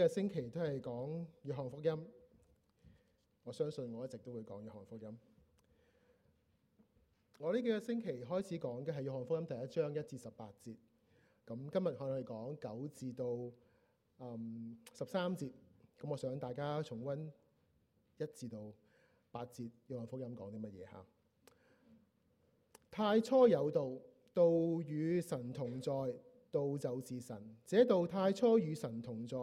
呢個星期都係講約翰福音，我相信我一直都會講約翰福音。我呢幾個星期開始講嘅係約翰福音第一章一至十八節，咁今日我哋講九至到十三節，咁我想大家重溫一至到八節約翰福音講啲乜嘢吓？太初有道，道與神同在。道就是神，這道太初與神同在，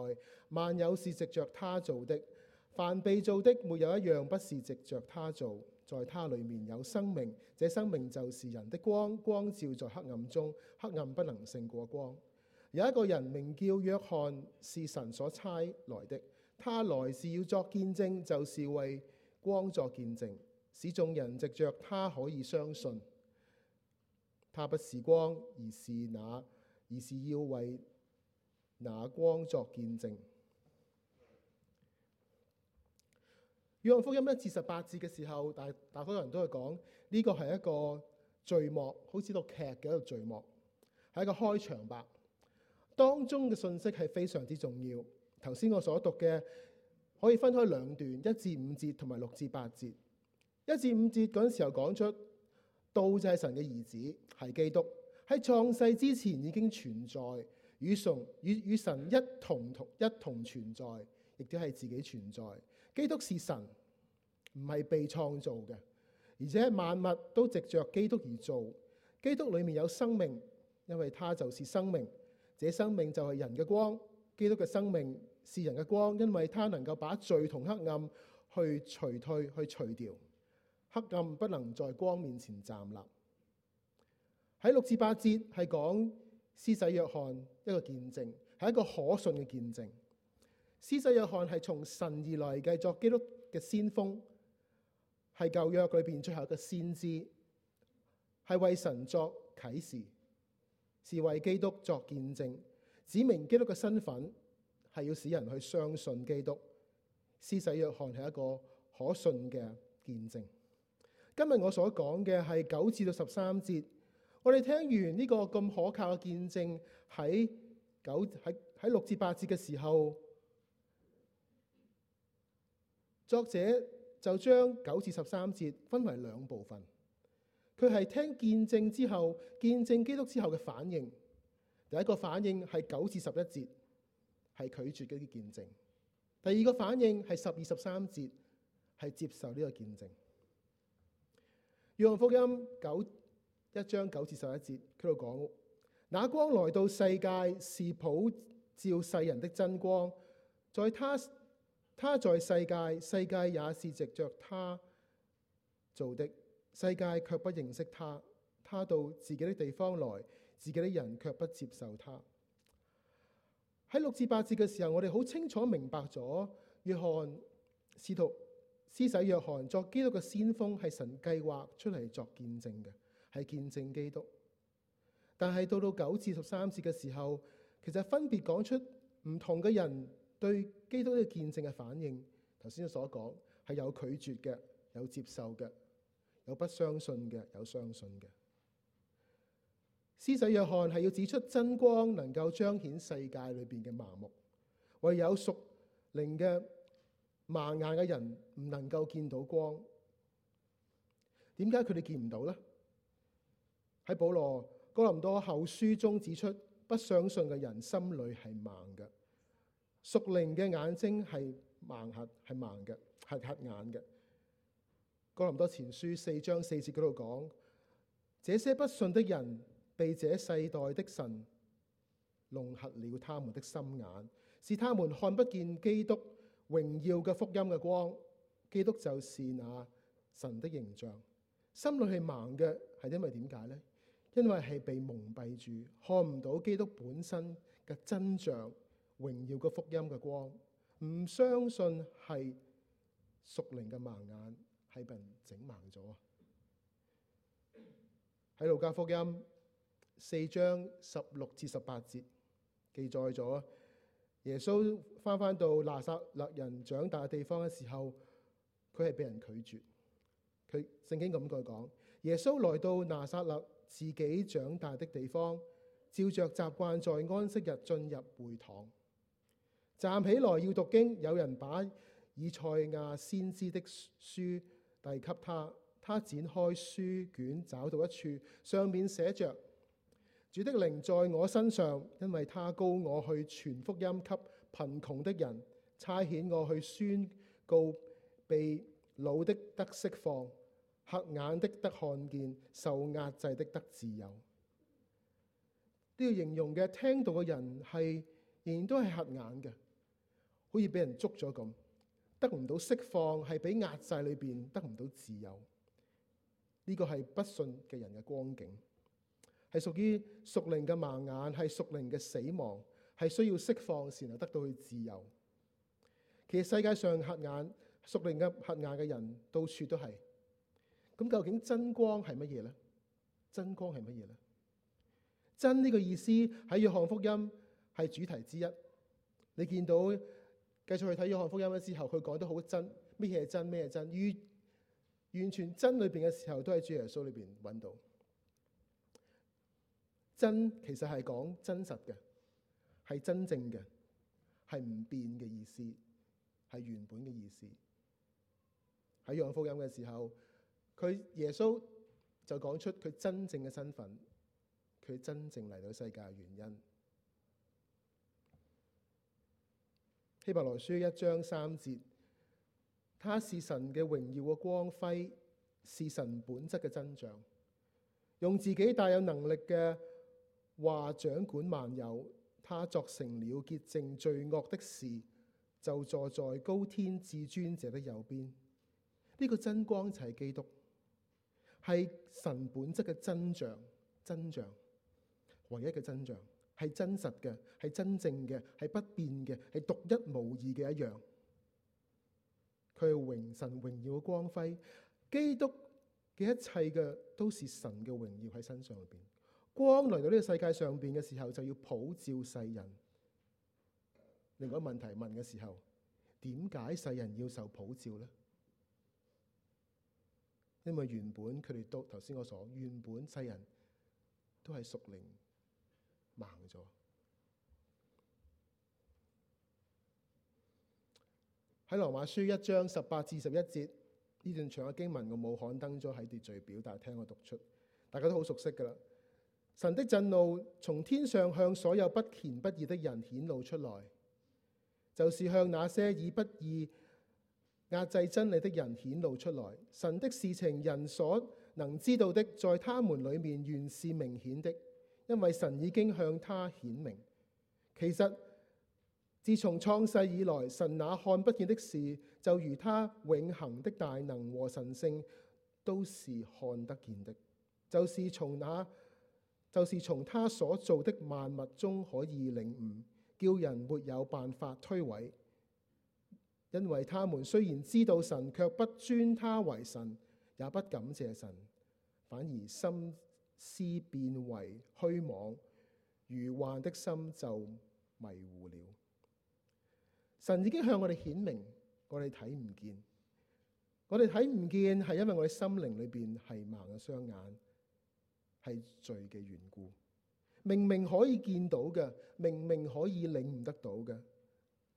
萬有是藉著他做的，凡被做的沒有一樣不是藉著他做，在他裏面有生命，這生命就是人的光，光照在黑暗中，黑暗不能勝過光。有一個人名叫約翰，是神所差來的，他來是要作見證，就是為光作見證，使眾人藉著他可以相信。他不是光，而是那。而是要為那光作見證。約翰福音一至十八節嘅時候，大大多人都會講呢個係一個序幕，好似個劇嘅一個序幕，係一個開場白。當中嘅信息係非常之重要。頭先我所讀嘅可以分開兩段，一至五節同埋六至八節。一至五節嗰陣時候，講出道就係神嘅兒子，係基督。喺創世之前已經存在，與神與與神一同同一同存在，亦都係自己存在。基督是神，唔係被創造嘅，而且萬物都藉着基督而做。基督裏面有生命，因為他就是生命。這生命就係人嘅光，基督嘅生命是人嘅光，因為他能夠把罪同黑暗去除退去除掉，黑暗不能在光面前站立。喺六至八節係講施洗約翰一個見證，係一個可信嘅見證。施洗約翰係從神而來，繼作基督嘅先鋒，係舊約裏邊最後一個先知，係為神作啟示，是為基督作見證，指明基督嘅身份，係要使人去相信基督。施洗約翰係一個可信嘅見證。今日我所講嘅係九至到十三節。我哋聽完呢個咁可靠嘅見證，喺九喺喺六至八節嘅時候，作者就將九至十三節分為兩部分。佢係聽見證之後，見證基督之後嘅反應。第一個反應係九至十一節，係拒絕嗰啲見證；第二個反應係十二十三節，係接受呢個見證。約翰福音九。一章九至十一節，佢度講：那光來到世界，是普照世人的真光。在他他在世界，世界也是藉着他做的。世界卻不認識他，他到自己的地方來，自己的人卻不接受他。喺六至八節嘅時候，我哋好清楚明白咗，約翰試圖施洗約翰作基督嘅先鋒，係神計劃出嚟作見證嘅。係見證基督，但係到到九至十三節嘅時候，其實分別講出唔同嘅人對基督嘅見證嘅反應。頭先所講係有拒絕嘅，有接受嘅，有不相信嘅，有相信嘅。施洗約翰係要指出真光能夠彰顯世界裏邊嘅麻木，唯有屬靈嘅盲眼嘅人唔能夠見到光。點解佢哋見唔到咧？喺保羅哥林多後書中指出，不相信嘅人心裏係盲嘅，屬靈嘅眼睛係盲嘅，係盲嘅，係黑眼嘅。哥林多前書四章四節嗰度講，這些不信的人被這世代的神弄瞎了他們的心眼，是他們看不見基督榮耀嘅福音嘅光。基督就是那、啊、神的形象，心裏係盲嘅係因為點解呢？因為係被蒙蔽住，看唔到基督本身嘅真相、榮耀嘅福音嘅光，唔相信係屬靈嘅盲眼係被人整盲咗啊！喺路加福音四章十六至十八節記載咗，耶穌翻返到拿撒勒人長大嘅地方嘅時候，佢係被人拒絕。佢聖經咁句講：耶穌來到拿撒勒。自己長大的地方，照着習慣在安息日進入會堂，站起來要讀經。有人把以賽亞先知的書遞給他，他展開書卷，找到一處，上面寫着：「主的靈在我身上，因為他膏我去傳福音給貧窮的人，差遣我去宣告被擄的得釋放。瞎眼的得看見，受壓制的得自由。呢要形容嘅聽到嘅人係，仍然都係瞎眼嘅，好似俾人捉咗咁，得唔到釋放，係俾壓制裏邊得唔到自由。呢個係不信嘅人嘅光景，係屬於屬靈嘅盲眼，係屬靈嘅死亡，係需要釋放，才能得到佢自由。其實世界上瞎眼屬靈嘅瞎眼嘅人，到處都係。咁究竟真光係乜嘢咧？真光係乜嘢咧？真呢個意思喺約翰福音係主題之一。你見到繼續去睇約翰福音嘅時候，佢講得好真，咩嘢真，咩嘢真，完完全真裏邊嘅時候，都係主耶穌裏邊揾到。真其實係講真實嘅，係真正嘅，係唔變嘅意思，係原本嘅意思。喺約翰福音嘅時候。佢耶穌就講出佢真正嘅身份，佢真正嚟到世界嘅原因。希伯來書一章三節，他是神嘅榮耀嘅光輝，是神本質嘅真像。」用自己大有能力嘅話掌管萬有，他作成了潔淨罪惡的事，就坐在高天至尊者的右邊。呢、這個真光就係基督。係神本質嘅真相，真相，唯一嘅真相，係真實嘅，係真正嘅，係不變嘅，係獨一無二嘅一樣。佢係榮神榮耀嘅光輝，基督嘅一切嘅都是神嘅榮耀喺身上裏邊。光來到呢個世界上邊嘅時候，就要普照世人。另外問題問嘅時候，點解世人要受普照呢？因為原本佢哋都頭先我所講，原本世人都係屬靈盲咗。喺羅馬書一章十八至二十一節呢段長嘅經文，我冇刊登咗喺秩序表，但係聽我讀出，大家都好熟悉噶啦。神的震怒從天上向所有不虔不義的人顯露出來，就是向那些以不義壓制真理的人顯露出來，神的事情人所能知道的，在他們裏面原是明顯的，因為神已經向他顯明。其實自從創世以來，神那看不見的事，就如他永恒的大能和神性，都是看得見的。就是從那，就是從他所做的萬物中可以領悟，叫人沒有辦法推諉。因為他們雖然知道神，却不尊他為神，也不感謝神，反而心思變為虛妄，如幻的心就迷糊了。神已經向我哋顯明，我哋睇唔見。我哋睇唔見係因為我哋心靈裏邊係盲嘅雙眼，係罪嘅緣故。明明可以見到嘅，明明可以領悟得到嘅。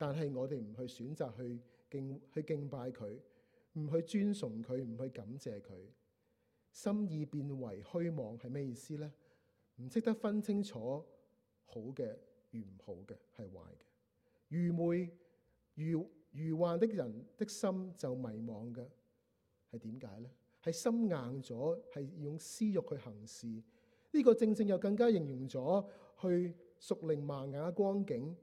但係我哋唔去選擇去敬去敬拜佢，唔去尊崇佢，唔去感謝佢，心意變為虛妄係咩意思呢？唔識得分清楚好嘅與唔好嘅係壞嘅，愚昧愚愚幻的人的心就迷惘嘅，係點解呢？係心硬咗，係用私欲去行事。呢個正正又更加形容咗去屬靈盲眼光景。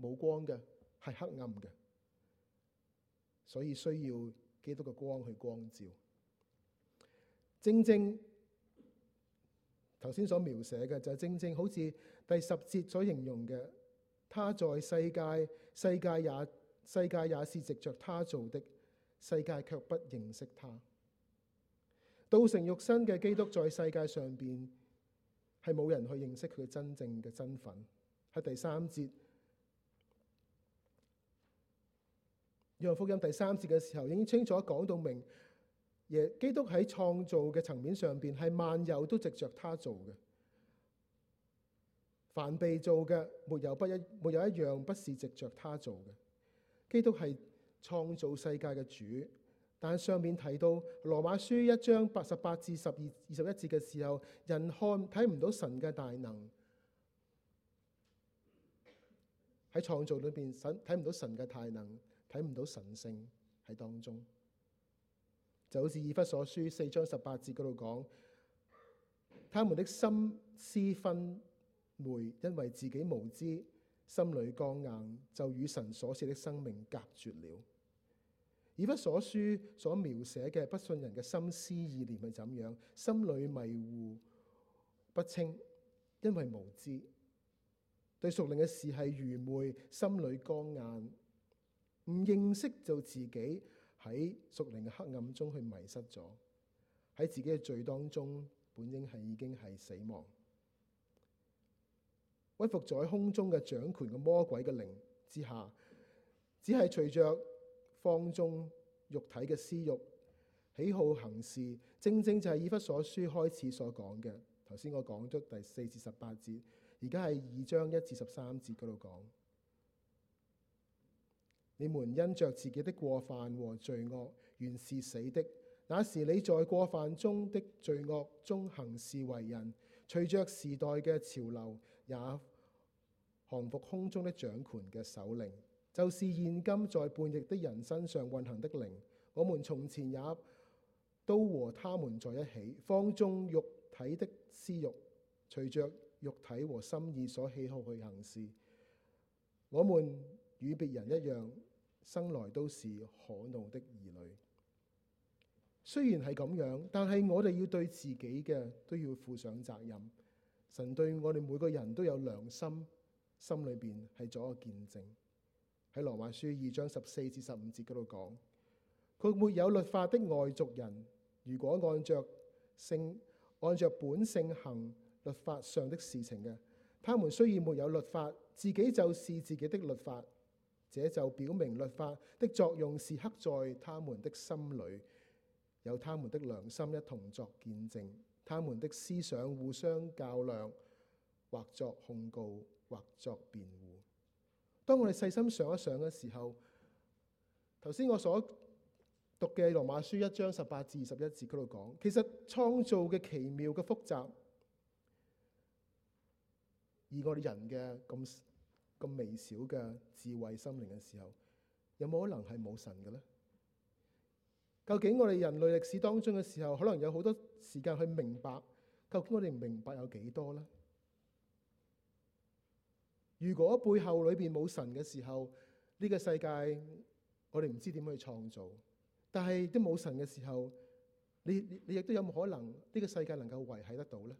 冇光嘅係黑暗嘅，所以需要基督嘅光去光照。正正頭先所描寫嘅就係、是、正正好似第十節所形容嘅，他在世界，世界也世界也是藉着他做的，世界却不認識他。道成肉身嘅基督在世界上邊係冇人去認識佢真正嘅身份，喺第三節。《約翰福音》第三節嘅時候，已經清楚講到明，耶基督喺創造嘅層面上邊係萬有都藉著他做嘅。凡被做嘅，沒有不一，沒有一樣不是藉著他做嘅。基督係創造世界嘅主。但上面提到《羅馬書》一章八十八至十二二十一節嘅時候，人看睇唔到神嘅大能喺創造裏邊，神睇唔到神嘅大能。睇唔到神性喺當中，就好似以弗所書四章十八節嗰度講，他們的心思昏昧，因為自己無知，心裏剛硬，就與神所賜的生命隔絕了。以弗所書所描寫嘅不信人嘅心思意念係怎樣？心裏迷糊不清，因為無知，對屬靈嘅事係愚昧，心裏剛硬。唔認識就自己喺屬靈嘅黑暗中去迷失咗，喺自己嘅罪當中，本應係已經係死亡，屈服咗喺空中嘅掌權嘅魔鬼嘅靈之下，只係隨着放縱肉體嘅私欲喜好行事，正正就係以弗所書開始所講嘅。頭先我講咗第四至十八節，而家係二章一至十三節嗰度講。你們因着自己的過犯和罪惡，原是死的。那時你在過犯中的罪惡中行事為人，隨着時代嘅潮流，也降服空中的掌權嘅首領，就是現今在叛逆的人身上運行的靈。我們從前也都和他們在一起，放縱肉體的私欲，隨着肉體和心意所喜好去行事。我們與別人一樣。生來都是可怒的兒女，雖然係咁樣，但係我哋要對自己嘅都要負上責任。神對我哋每個人都有良心，心裏面係做一個見證。喺羅馬書二章十四至十五節嗰度講，佢沒有律法的外族人，如果按着性按着本性行律法上的事情嘅，他們雖然沒有律法，自己就是自己的律法。這就表明律法的作用是刻在他們的心裏，有他們的良心一同作見證，他們的思想互相較量，或作控告，或作辯護。當我哋細心想一想嘅時候，頭先我所讀嘅羅馬書一章十八至二十一節嗰度講，其實創造嘅奇妙嘅複雜，以我哋人嘅咁。咁微小嘅智慧心靈嘅時候，有冇可能係冇神嘅咧？究竟我哋人類歷史當中嘅時候，可能有好多時間去明白，究竟我哋明白有幾多咧？如果背後裏邊冇神嘅時候，呢個世界我哋唔知點去創造。但係都冇神嘅時候，你你亦都有冇可能呢個世界能夠維繫得到咧？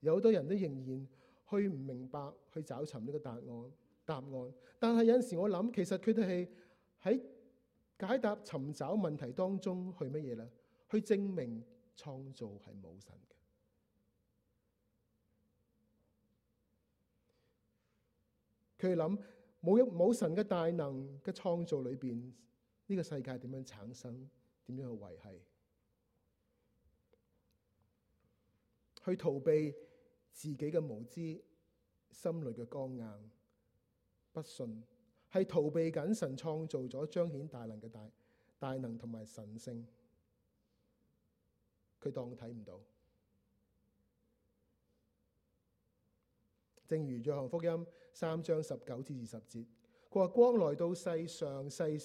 有好多人都仍然。去唔明白去找尋呢個答案，答案。但係有陣時我諗，其實佢哋係喺解答、尋找問題當中去乜嘢咧？去證明創造係冇神嘅。佢諗冇一冇神嘅大能嘅創造裏邊，呢個世界點樣產生？點樣去維繫？去逃避？自己嘅無知，心裏嘅剛硬，不信係逃避緊神創造咗彰顯大能嘅大大能同埋神聖，佢當我睇唔到。正如約翰福音三章十九至二十節，佢話光來到世上，世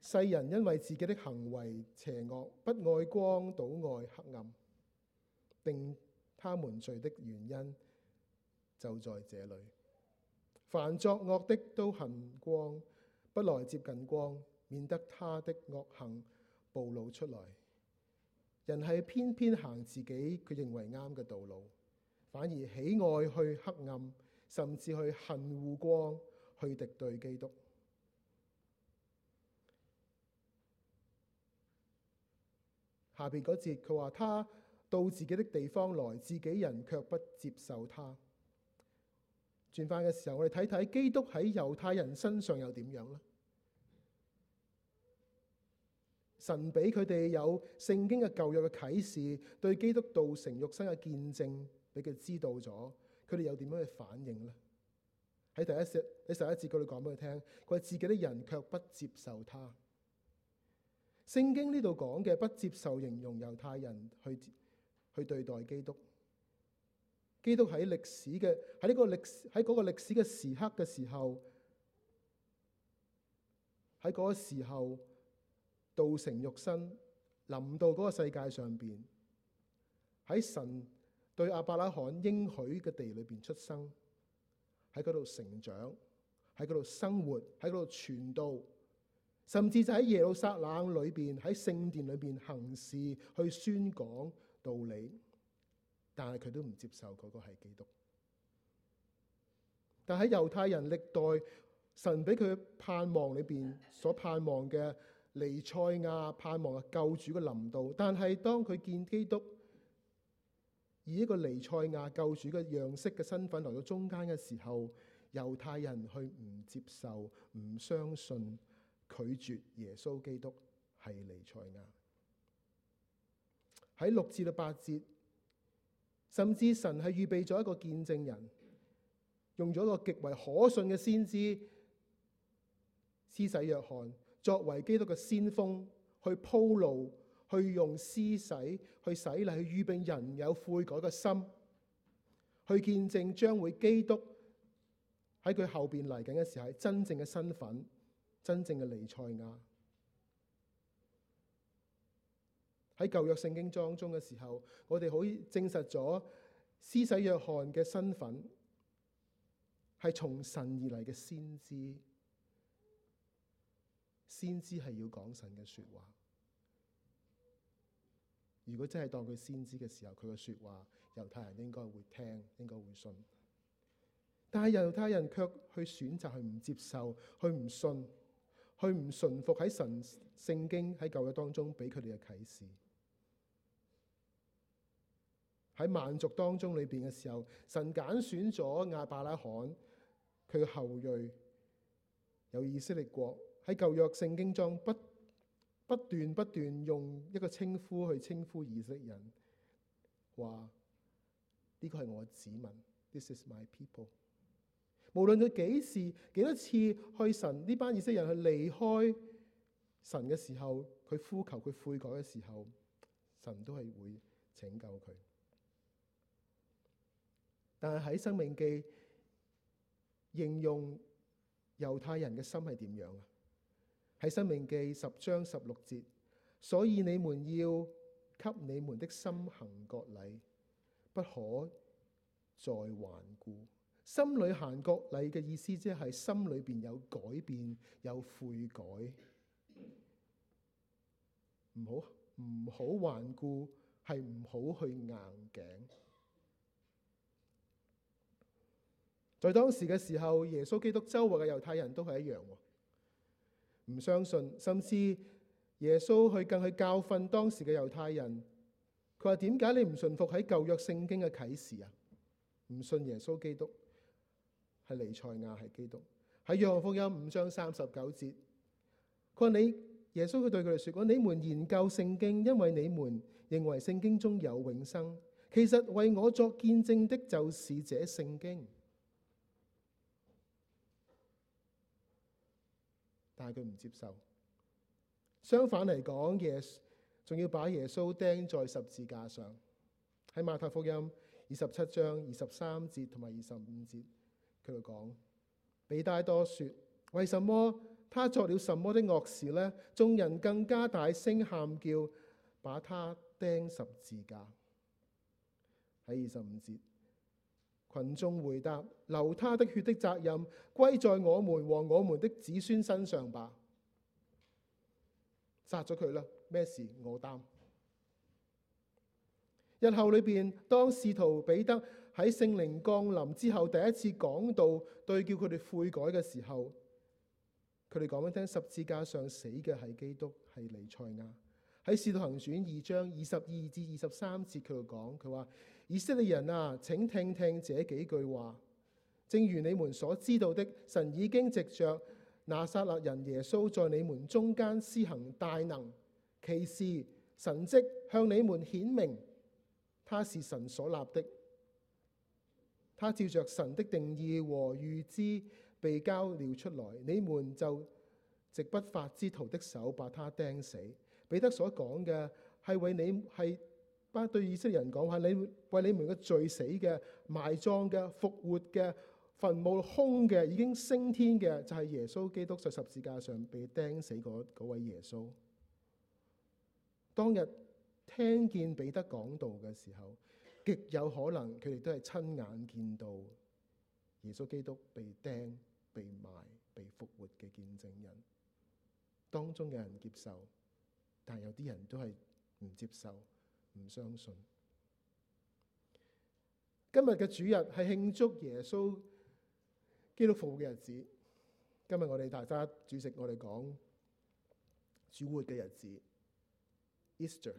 世人因為自己的行為邪惡，不愛光，倒愛黑暗，並他們罪的原因就在這裏：凡作惡的都恨光，不來接近光，免得他的惡行暴露出來。人係偏偏行自己佢認為啱嘅道路，反而喜愛去黑暗，甚至去恨護光，去敵對基督。下邊嗰節佢話他。到自己的地方來，自己人卻不接受他。轉翻嘅時候，我哋睇睇基督喺猶太人身上又點樣呢？神俾佢哋有聖經嘅舊約嘅啟示，對基督道成肉身嘅見證俾佢知道咗，佢哋有點樣去反應咧？喺第一節喺十一節嗰度講俾佢聽，佢話自己的人卻不接受他。聖經呢度講嘅不接受，形容猶太人去。去對待基督。基督喺歷史嘅，喺呢個歷喺嗰個歷史嘅時刻嘅時候，喺嗰個時候道成肉身，臨到嗰個世界上邊，喺神對亞伯拉罕應許嘅地裏邊出生，喺嗰度成長，喺嗰度生活，喺嗰度傳道，甚至就喺耶路撒冷裏邊喺聖殿裏邊行事去宣講。道理，但係佢都唔接受嗰個係基督。但喺猶太人歷代神俾佢盼望裏邊所盼望嘅彌賽亞，盼望救主嘅臨到，但係當佢見基督以一個彌賽亞救主嘅樣式嘅身份來到中間嘅時候，猶太人去唔接受、唔相信、拒絕耶穌基督係彌賽亞。喺六至到八節，甚至神係預備咗一個見證人，用咗個極為可信嘅先知，施洗約翰作為基督嘅先鋒，去鋪路，去用施洗去洗禮，去預備人有悔改嘅心，去見證將會基督喺佢後邊嚟緊嘅時候，真正嘅身份，真正嘅彌賽亞。喺舊約聖經當中嘅時候，我哋可以證實咗施洗約翰嘅身份係從神而嚟嘅先知。先知係要講神嘅說話。如果真係當佢先知嘅時候，佢嘅說話，猶太人應該會聽，應該會信。但係猶太人卻去選擇去唔接受，去唔信，去唔順服喺神聖經喺舊約當中俾佢哋嘅啟示。喺萬族當中裏邊嘅時候，神揀選咗亞伯拉罕佢嘅後裔，有以色列國喺舊約聖經中不不斷不斷用一個稱呼去稱呼以色列人，話呢個係我嘅子民。This is my people。無論佢幾時幾多次去神呢班以色列人去離開神嘅時候，佢呼求佢悔改嘅時候，神都係會拯救佢。但係喺《生命記》形容猶太人嘅心係點樣啊？喺《生命記》十章十六節，所以你們要給你們的心行割禮，不可再頑固。心裏行割禮嘅意思即係心裏邊有改變、有悔改，唔好，唔好頑固，係唔好去硬頸。在當時嘅時候，耶穌基督周圍嘅猶太人都係一樣，唔相信。甚至耶穌去更去教訓當時嘅猶太人，佢話，點解你唔信服喺舊約聖經嘅啟示啊？唔信耶穌基督係彌賽亞係基督，喺約翰福音五章三十九節，佢話你耶穌，佢對佢哋説，我你們研究聖經，因為你們認為聖經中有永生，其實為我作見證的，就是這聖經。但佢唔接受，相反嚟講，耶仲要把耶穌釘在十字架上。喺馬太福音二十七章二十三節同埋二十五節，佢就講：彼拉多說，為什麼他作了什麼的惡事呢？眾人更加大聲喊叫，把他釘十字架。喺二十五節。群眾回答：流他的血的責任歸在我們和我們的子孫身上吧。殺咗佢啦，咩事我擔。日後裏邊，當使徒彼得喺聖靈降臨之後第一次講道對叫佢哋悔改嘅時候，佢哋講緊聽十字架上死嘅係基督，係彌賽亞。喺使徒行傳二章二十二至二十三節，佢就講，佢話。以色列人啊，請聽聽這幾句話。正如你們所知道的，神已經藉着拿撒勒人耶穌在你們中間施行大能，其事神蹟向你們顯明，他是神所立的。他照着神的定義和預知被交了出來，你們就藉不法之徒的手把他釘死。彼得所講嘅係為你係。對以色列人講話，你為你們嘅罪死嘅埋葬嘅復活嘅墳墓空嘅已經升天嘅，就係、是、耶穌基督在十字架上被釘死嗰位耶穌。當日聽見彼得講道嘅時候，極有可能佢哋都係親眼見到耶穌基督被釘、被埋、被復活嘅見證人。當中有人接受，但有啲人都係唔接受。唔相信。今日嘅主日係慶祝耶穌基督復活嘅日子。今日我哋大家主席，我哋講主活嘅日子。Easter。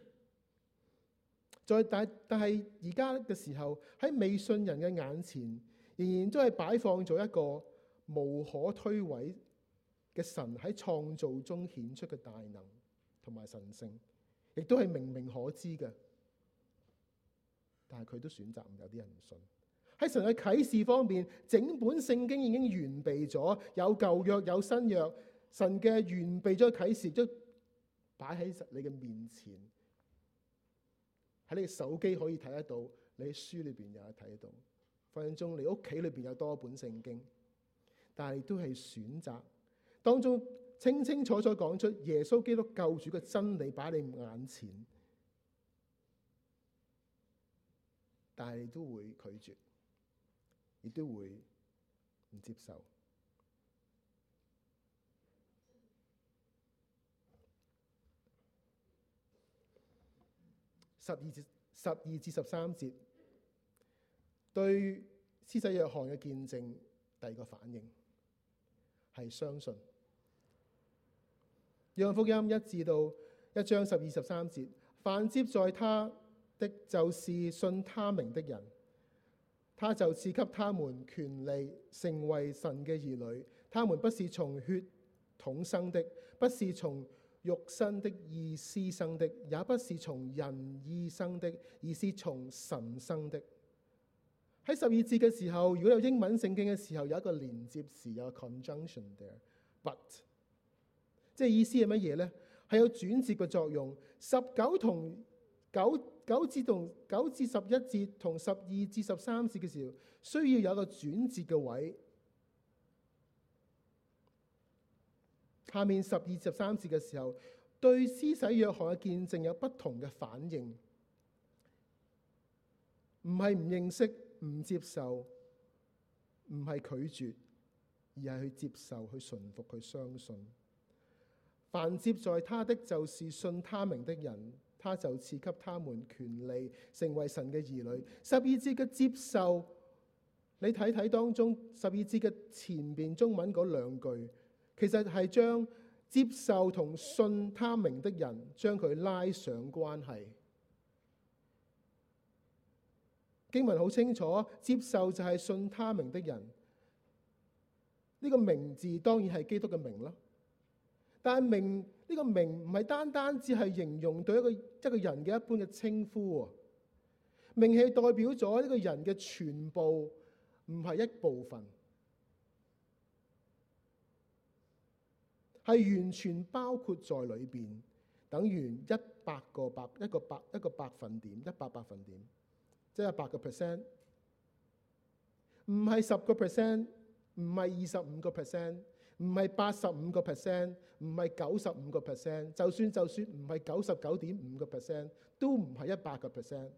再但但係而家嘅時候，喺未信人嘅眼前，仍然都係擺放咗一個無可推諉嘅神喺創造中顯出嘅大能同埋神聖，亦都係明明可知嘅。但係佢都選擇，有啲人唔信。喺神嘅啟示方面，整本聖經已經完備咗，有舊約有新約。神嘅完備咗嘅啟示都擺喺你嘅面前，喺你手機可以睇得到，你書裏邊又睇得到。分分鐘你屋企裏邊有多本聖經，但係都係選擇當中清清楚楚講出耶穌基督救主嘅真理，擺你眼前。但係你都會拒絕，亦都會唔接受。十二節、十二至十三節，對施洗約翰嘅見證，第二個反應係相信。約翰福音一至到一章十二十三節，反接在他，的就是信他名的人，他就賜給他們權利成為神嘅兒女。他們不是從血統生的，不是從肉身的意思生的，也不是從人意生的，而是從神生的。喺十二節嘅時候，如果有英文聖經嘅時候，有一個連接詞有 conjunction there，but，即係意思係乜嘢咧？係有轉折嘅作用。十九同。九九至同九至十一節同十二至十三節嘅時候，需要有個轉折嘅位。下面十二至十三節嘅時候，對施洗約翰嘅見證有不同嘅反應，唔係唔認識、唔接受，唔係拒絕，而係去接受、去信服、去相信。凡接待他的就是信他名的人。他就賜給他們權利，成為神嘅兒女。十二節嘅接受，你睇睇當中十二節嘅前邊中文嗰兩句，其實係將接受同信他名的人，將佢拉上關係。經文好清楚，接受就係信他名的人。呢個名字當然係基督嘅名咯，但係名呢個名唔係單單只係形容對一個。即係個人嘅一般嘅稱呼喎，名氣代表咗呢個人嘅全部，唔係一部分，係完全包括在裏邊，等於一百個百一個百一個百分點，一百百分點，即係百個 percent，唔係十個 percent，唔係二十五個 percent。唔係八十五個 percent，唔係九十五個 percent，就算就算唔係九十九點五個 percent，都唔係一百個 percent。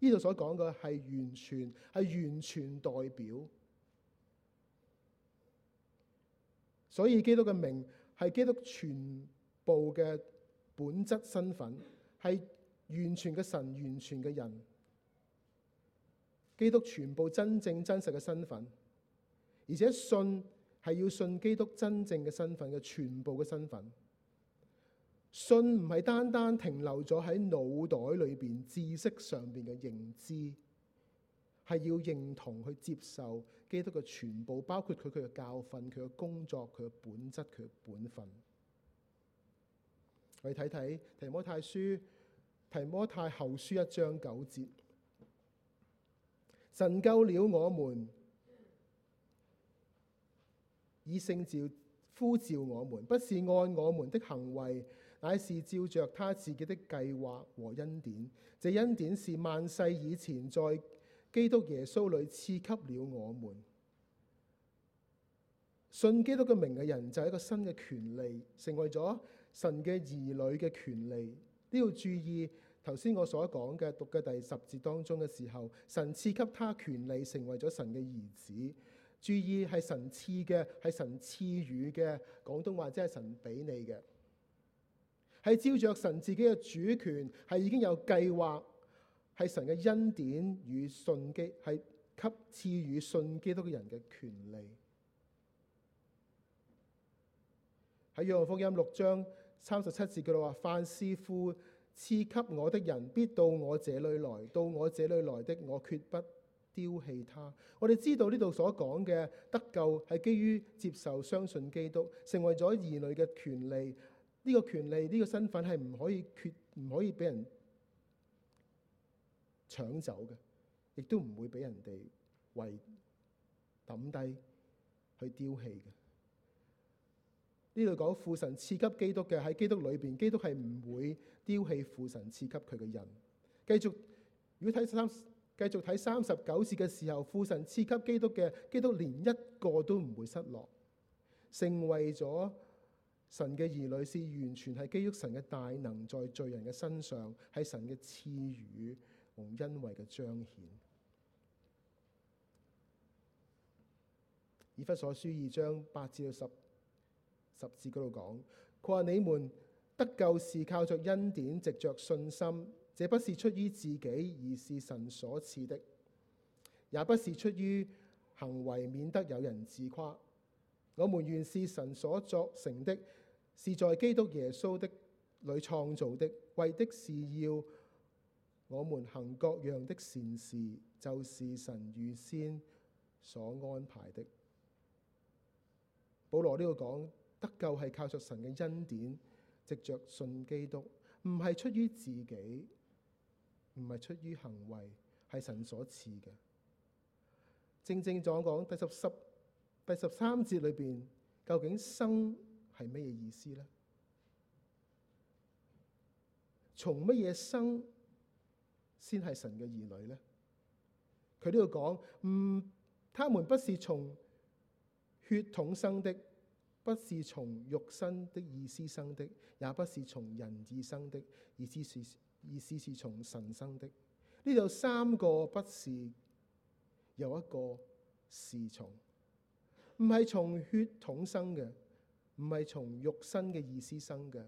呢度所講嘅係完全係完全代表。所以基督嘅名係基督全部嘅本質身份，係完全嘅神，完全嘅人。基督全部真正真實嘅身份，而且信。係要信基督真正嘅身份嘅全部嘅身份。信唔係單單停留咗喺腦袋裏邊知識上邊嘅認知，係要認同去接受基督嘅全部，包括佢佢嘅教訓、佢嘅工作、佢嘅本質、佢嘅本分。我哋睇睇提摩太書提摩太後書一章九節，神救了我們。以聖召呼召我們，不是按我們的行為，乃是照着他自己的計劃和恩典。這恩典是萬世以前在基督耶穌裏賜給了我們。信基督嘅名嘅人就係一個新嘅權利，成為咗神嘅兒女嘅權利。都要注意頭先我所講嘅，讀嘅第十節當中嘅時候，神賜給他權利，成為咗神嘅兒子。注意係神賜嘅，係神賜予嘅廣東話，即係神俾你嘅，係照着神自己嘅主權，係已經有計劃，係神嘅恩典與信基，係給賜予信基督嘅人嘅權利。喺《約翰福音》六章三十七節，佢話：凡是父，賜給我的人，必到我這裏來，到我這裏來的，我決不丟棄他，我哋知道呢度所講嘅得救係基於接受、相信基督，成為咗兒女嘅權利。呢個權利，呢個身份係唔可以缺，唔可以俾人搶走嘅，亦都唔會俾人哋為抌低去丟棄嘅。呢度講，父神賜給基督嘅喺基督裏邊，基督係唔會丟棄父神賜給佢嘅人。繼續，如果睇十三。繼續睇三十九節嘅時候，父神賜給基督嘅，基督連一個都唔會失落。成為咗神嘅兒女，是完全係基督神嘅大能在罪人嘅身上，係神嘅賜予同恩惠嘅彰顯。以弗所書二章八至到十十節嗰度講，佢話你們得救是靠著恩典，藉着信心。這不是出於自己，而是神所賜的；也不是出於行為，免得有人自誇。我們原是神所作成的，是在基督耶穌的裏創造的，為的是要我們行各樣的善事，就是神預先所安排的。保羅呢個講得救係靠着神嘅恩典，藉着信基督，唔係出於自己。唔係出於行為，係神所賜嘅。正正講講第十十第十三節裏邊，究竟生係乜嘢意思呢？從乜嘢生先係神嘅兒女呢？佢呢度講，唔、嗯，他們不是從血統生的，不是從肉身的意思生的，也不是從人意生的，意思是。意思是從神生的，呢度三個不是，有一個是從，唔係從血統生嘅，唔係從肉身嘅意思生嘅，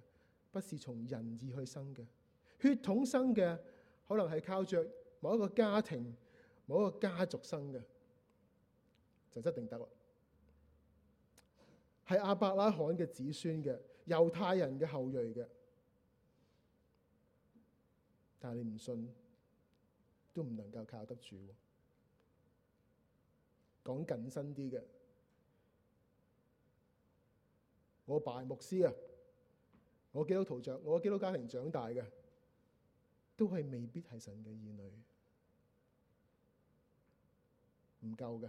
不是從人意去生嘅，血統生嘅可能係靠着某一個家庭、某一個家族生嘅，就一定得啦。係阿伯拉罕嘅子孫嘅，猶太人嘅後裔嘅。但係你唔信，都唔能夠靠得住，啊。講緊身啲嘅，我爸係牧師啊，我基督徒長，我基督家庭長大嘅，都係未必係神嘅兒女，唔夠嘅。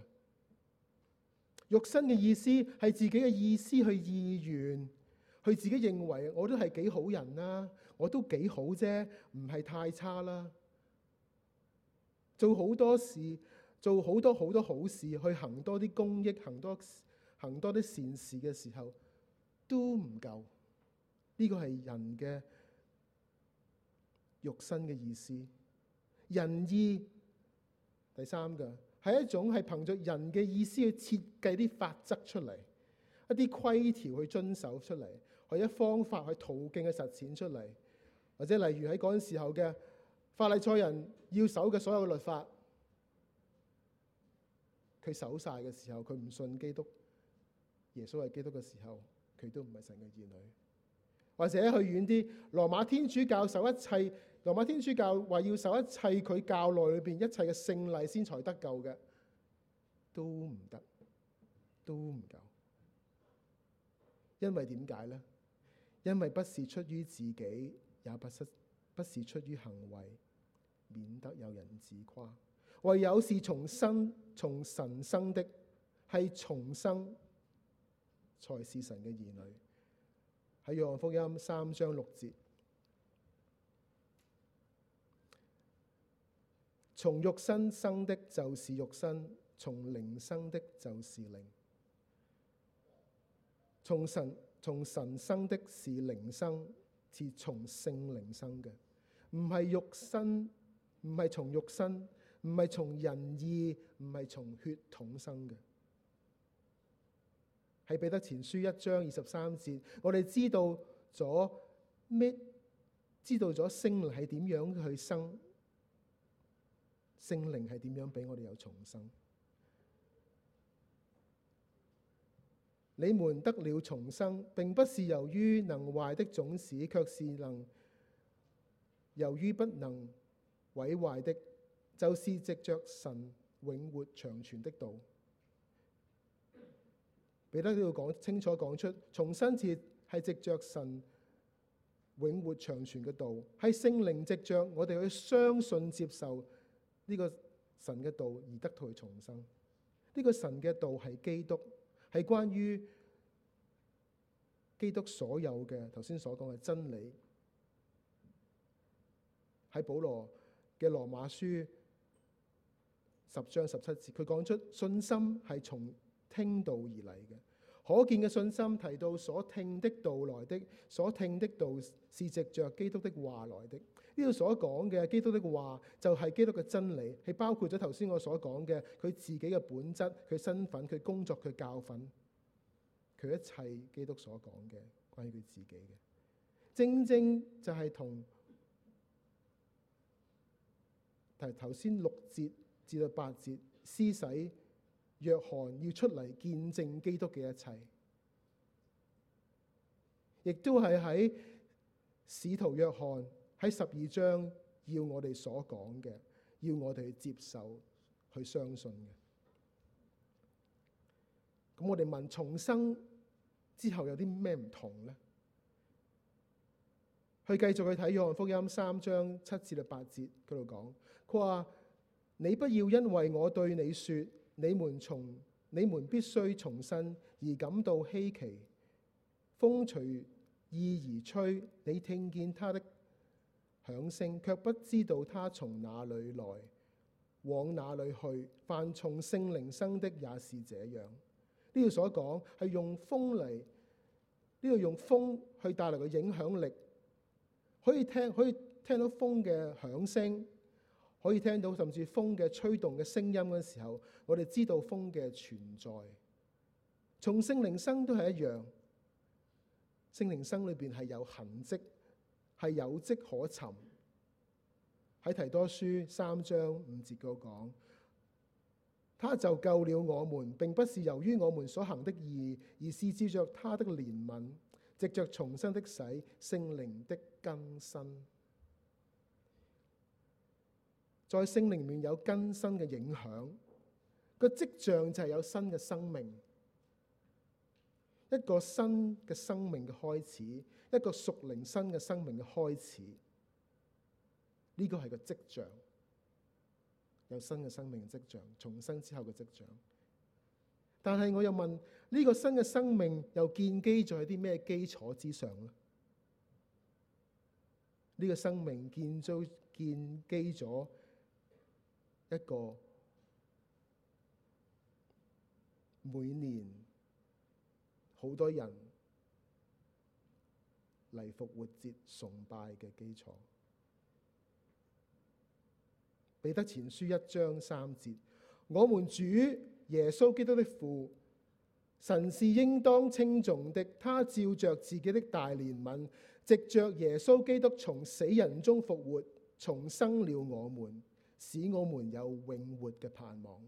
肉身嘅意思係自己嘅意思，意思去意願，去自己認為，我都係幾好人啦，啊。我都幾好啫，唔係太差啦。做好多事，做好多好多好事，去行多啲公益，行多行多啲善事嘅時候都唔夠。呢、這個係人嘅肉身嘅意思。人意，第三個係一種係憑着人嘅意思去設計啲法則出嚟，一啲規條去遵守出嚟，或者方法去途徑去實踐出嚟。或者例如喺嗰陣時候嘅法利賽人要守嘅所有嘅律法，佢守晒嘅時候，佢唔信基督。耶穌係基督嘅時候，佢都唔係神嘅兒女。或者去遠啲，羅馬天主教守一切，羅馬天主教話要守一切佢教內裏邊一切嘅聖禮先才，才得救嘅，都唔得，都唔夠，因為點解咧？因為不是出於自己。也不是，不是出於行為，免得有人自誇。唯有是重生，從神生的，係重生，才是神嘅兒女。喺約翰福音三章六節，從肉身生的，就是肉身；從靈生的，就是靈；從神從神生的是靈生。從靈是從聖靈生嘅，唔係肉身，唔係從肉身，唔係從人意，唔係從血統生嘅。喺彼得前書一章二十三節，我哋知道咗咩？知道咗聖靈係點樣去生，聖靈係點樣俾我哋有重生。你們得了重生，並不是由於能壞的種子，卻是能由於不能毀壞的，就是藉着神永活長存的道。彼得都要講清楚講出重生是係藉着神永活長存嘅道，係聖靈藉着我哋去相信接受呢個神嘅道而得到重生。呢、這個神嘅道係基督。係關於基督所有嘅，頭先所講嘅真理，喺保羅嘅羅馬書十章十七節，佢講出信心係從聽道而嚟嘅，可見嘅信心提到所聽的道來的，所聽的道是藉着基督的話來的。呢度所講嘅基督的話，就係、是、基督嘅真理，係包括咗頭先我所講嘅佢自己嘅本質、佢身份、佢工作、佢教訓，佢一切基督所講嘅關於佢自己嘅，正正就係同提頭先六節至到八節，施洗約翰要出嚟見證基督嘅一切，亦都係喺使徒約翰。喺十二章要我哋所講嘅，要我哋去接受去相信嘅。咁我哋問重生之後有啲咩唔同呢？去繼續去睇《約翰福音》三章七至到八節，佢度講佢話：你不要因為我對你說，你們從你們必須重生而感到稀奇。風隨意而吹，你聽見他的。響聲却不知道它從哪裏來，往哪裏去。凡從聖靈生的也是這樣。呢度所講係用風嚟，呢度用風去帶來個影響力，可以聽可以聽到風嘅響聲，可以聽到甚至風嘅吹動嘅聲音嘅時候，我哋知道風嘅存在。從聖靈生都係一樣，聖靈生裏邊係有痕迹。係有跡可尋，喺提多書三章五節嗰講，他就救了我們，並不是由於我們所行的義，而是照着他的憐憫，藉着重生的洗，聖靈的更新，在聖靈裏面有更新嘅影響，個跡象就係有新嘅生命。一個新嘅生命嘅開始，一個屬靈新嘅生命嘅開始，呢個係個跡象，有新嘅生命嘅跡象，重生之後嘅跡象。但係我又問呢個新嘅生命又建基在啲咩基礎之上呢？呢個生命建造建基咗一個每年。好多人嚟復活節崇拜嘅基礎。彼得前書一章三節，我們主耶穌基督的父，神是應當稱頌的，他照着自己的大憐憫，藉着耶穌基督從死人中復活，重生了我們，使我們有永活嘅盼望。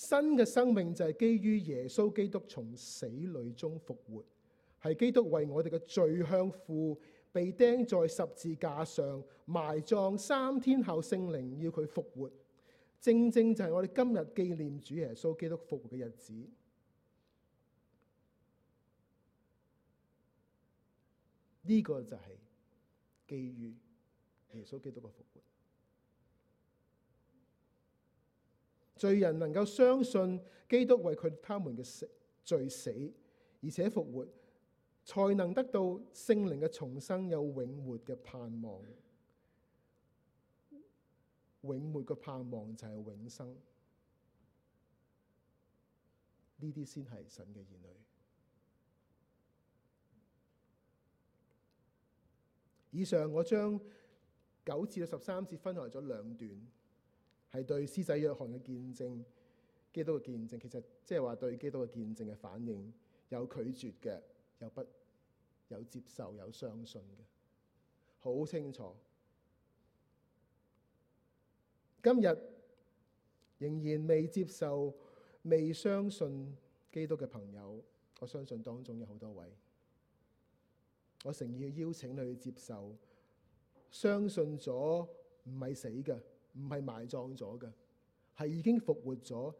新嘅生命就係基於耶穌基督從死裏中復活，係基督為我哋嘅罪向父被釘在十字架上埋葬，三天後聖靈要佢復活，正正就係我哋今日紀念主耶穌基督復活嘅日子。呢、這個就係基於耶穌基督嘅復活。罪人能夠相信基督為佢他們嘅死罪死，而且復活，才能得到聖靈嘅重生，有永活嘅盼望。永活嘅盼望就係永生。呢啲先係神嘅兒女。以上我將九至十三節分開咗兩段。係對施洗約翰嘅見證，基督嘅見證，其實即係話對基督嘅見證嘅反應，有拒絕嘅，有不有接受，有相信嘅，好清楚。今日仍然未接受、未相信基督嘅朋友，我相信當中有好多位，我誠意邀請你去接受，相信咗唔係死嘅。唔係埋葬咗㗎，係已經復活咗，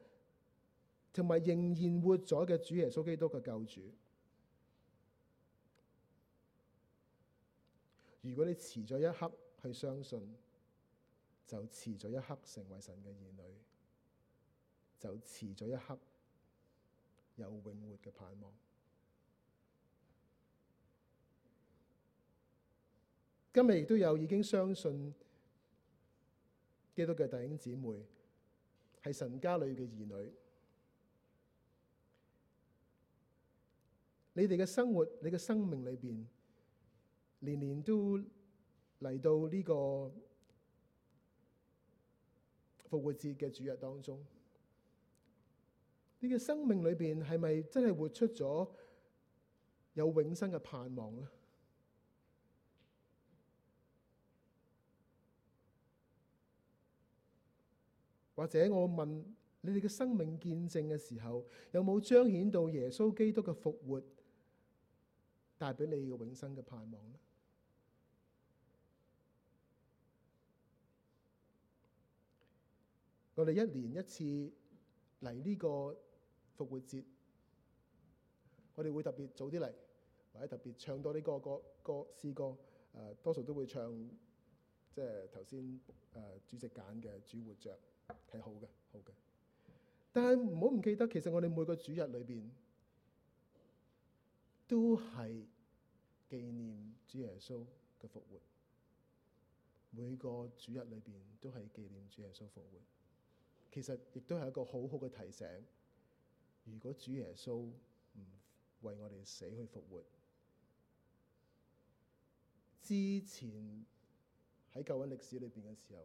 同埋仍然活咗嘅主耶穌基督嘅救主。如果你遲咗一刻去相信，就遲咗一刻成為神嘅兒女，就遲咗一刻有永活嘅盼望。今日亦都有已經相信基督嘅弟兄姊妹，係神家裏嘅兒女。你哋嘅生活，你嘅生命裏邊，年年都嚟到呢個復活節嘅主日當中。你嘅生命裏邊係咪真係活出咗有永生嘅盼望咧？或者我問你哋嘅生命見證嘅時候，有冇彰顯到耶穌基督嘅復活，帶俾你嘅永生嘅盼望咧？我哋一年一次嚟呢個復活節，我哋會特別早啲嚟，或者特別唱多啲歌，個歌詩歌，誒、呃、多數都會唱，即係頭先誒主席揀嘅《主活着》。係好嘅，好嘅。但係唔好唔記得，其實我哋每個主日裏邊都係紀念主耶穌嘅復活。每個主日裏邊都係紀念主耶穌復活。其實亦都係一個好好嘅提醒。如果主耶穌唔為我哋死去復活，之前喺舊約歷史裏邊嘅時候，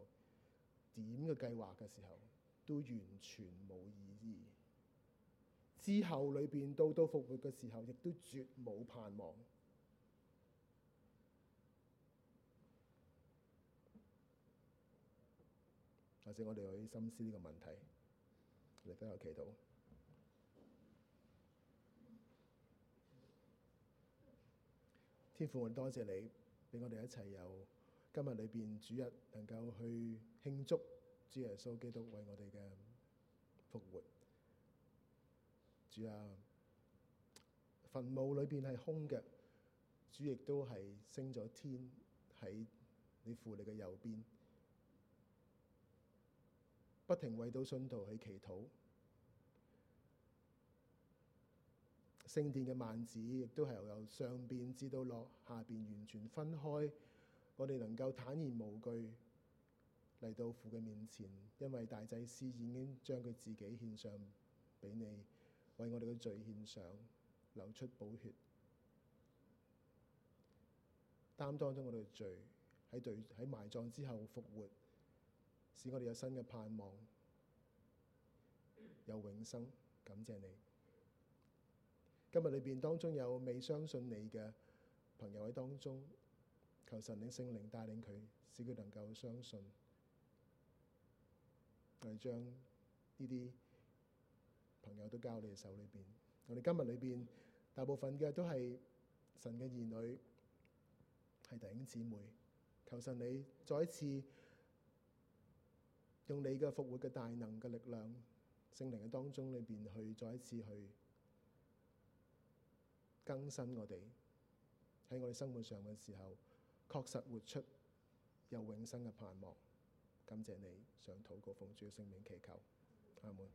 點嘅計劃嘅時候，都完全冇意義。之後裏邊到到復活嘅時候，亦都絕冇盼望。或者我哋可以深思呢個問題。你都有祈禱。天父，我多謝你俾我哋一齊有。今日裏邊主日能夠去慶祝主耶穌基督為我哋嘅復活，主啊，墳墓裏邊係空嘅，主亦都係升咗天喺你父你嘅右邊，不停為到信徒去祈禱，聖殿嘅幔子亦都係由上邊至到落下邊完全分開。我哋能夠坦然無懼嚟到父嘅面前，因為大祭司已經將佢自己獻上俾你，為我哋嘅罪獻上，流出寶血，擔當咗我哋嘅罪，喺對喺埋葬之後復活，使我哋有新嘅盼望，有永生。感謝你。今日裏邊當中有未相信你嘅朋友喺當中。求神你聖靈帶領佢，使佢能夠相信，我哋將呢啲朋友都交你嘅手裏邊。我哋今日裏邊大部分嘅都係神嘅兒女，係弟兄姊妹。求神你再一次用你嘅復活嘅大能嘅力量，聖靈嘅當中裏邊去再一次去更新我哋喺我哋生活上嘅時候。確實活出有永生嘅盼望，感謝你想禱告奉主嘅聖名祈求，阿門。